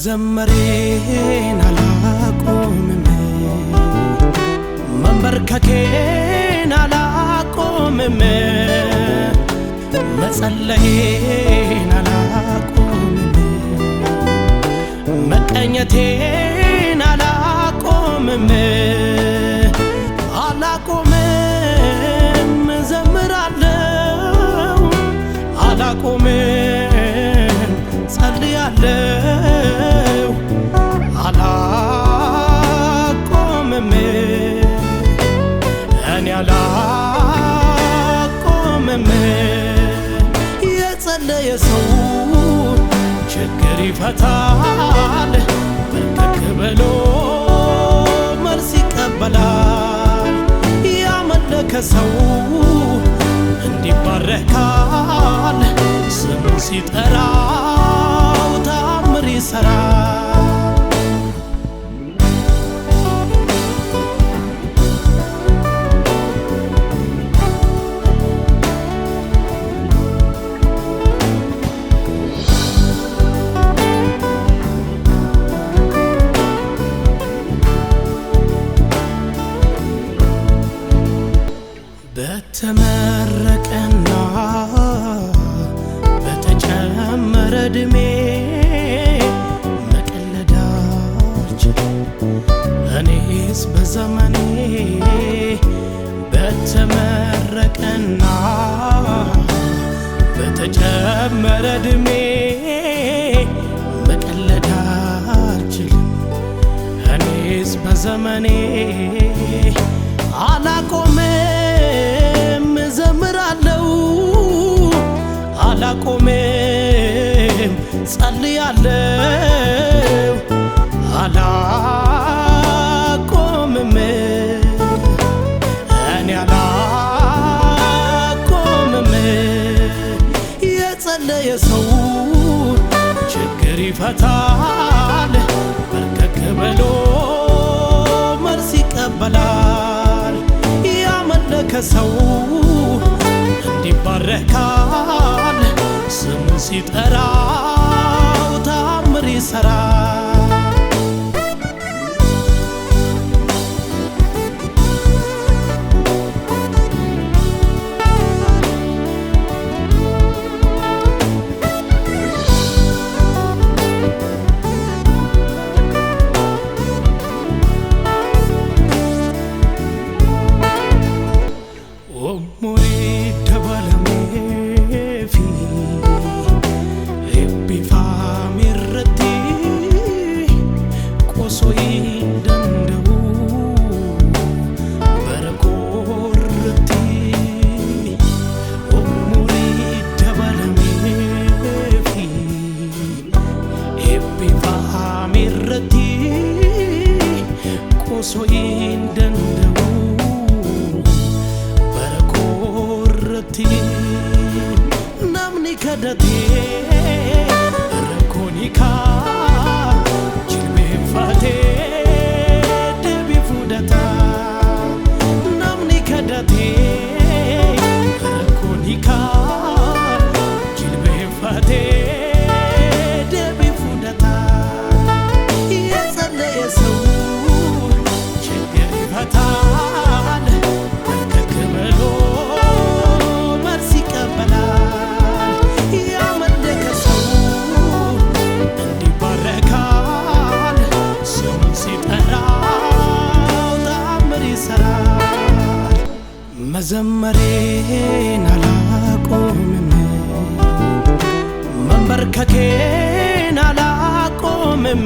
መዘመሬን አላቆምም፣ መንበርከኬን አላቆምም፣ መጸለዬን አላቆምም፣ መቀኘቴን አላቆምም አላቆምም እዘምራለሁ አላቆምም ጸልያለሁ ያላቆምም የጸለየ ሰው ችግር ይፈታል። በርከክ ብሎ መልስ ይቀበላል። ያመለከ ሰው እንዲባረካል ስሙ ሲጠራ በተመረቀና በተጨመረ እድሜ መቀለዳችን እኔስ በዘመኔ በተመረቀና በተጨመረ እድሜ መቀለዳችን እኔስ በዘመኔ አላቆም ጸልያለው አላቆምም እኔ አላቆምም የጸለየ ሰው ችግር ይፈታል በርከክ ብሎ መልስ ይቀበላል ያመለከ ሰው እንዲባረካል ስሙን ሲጠራ soyin danda'uu bara koorratti namni kadhatee rakkoo ni ka'a jilbeenfatee deebii fudhata namni kadhatee. መዘመሬን አላቆምም፣ መንበርከኬን አላቆምም፣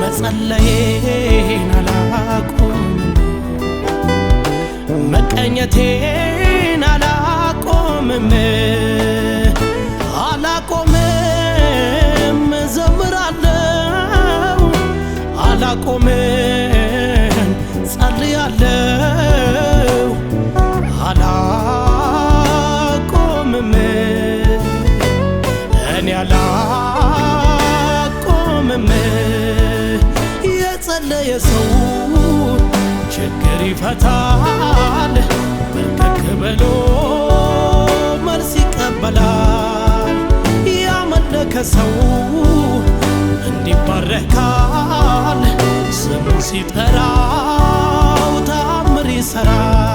መጸለዬን አላቆምም፣ መቀኘቴን አላቆምም አላቆምም አላቆምም የሰው ችግር ይፈታል በርከክ ብሎ መልስ ይቀበላል ያመለከ ሰው እንዲባረካል ስሙ ሲጠራው ታምር ይሠራል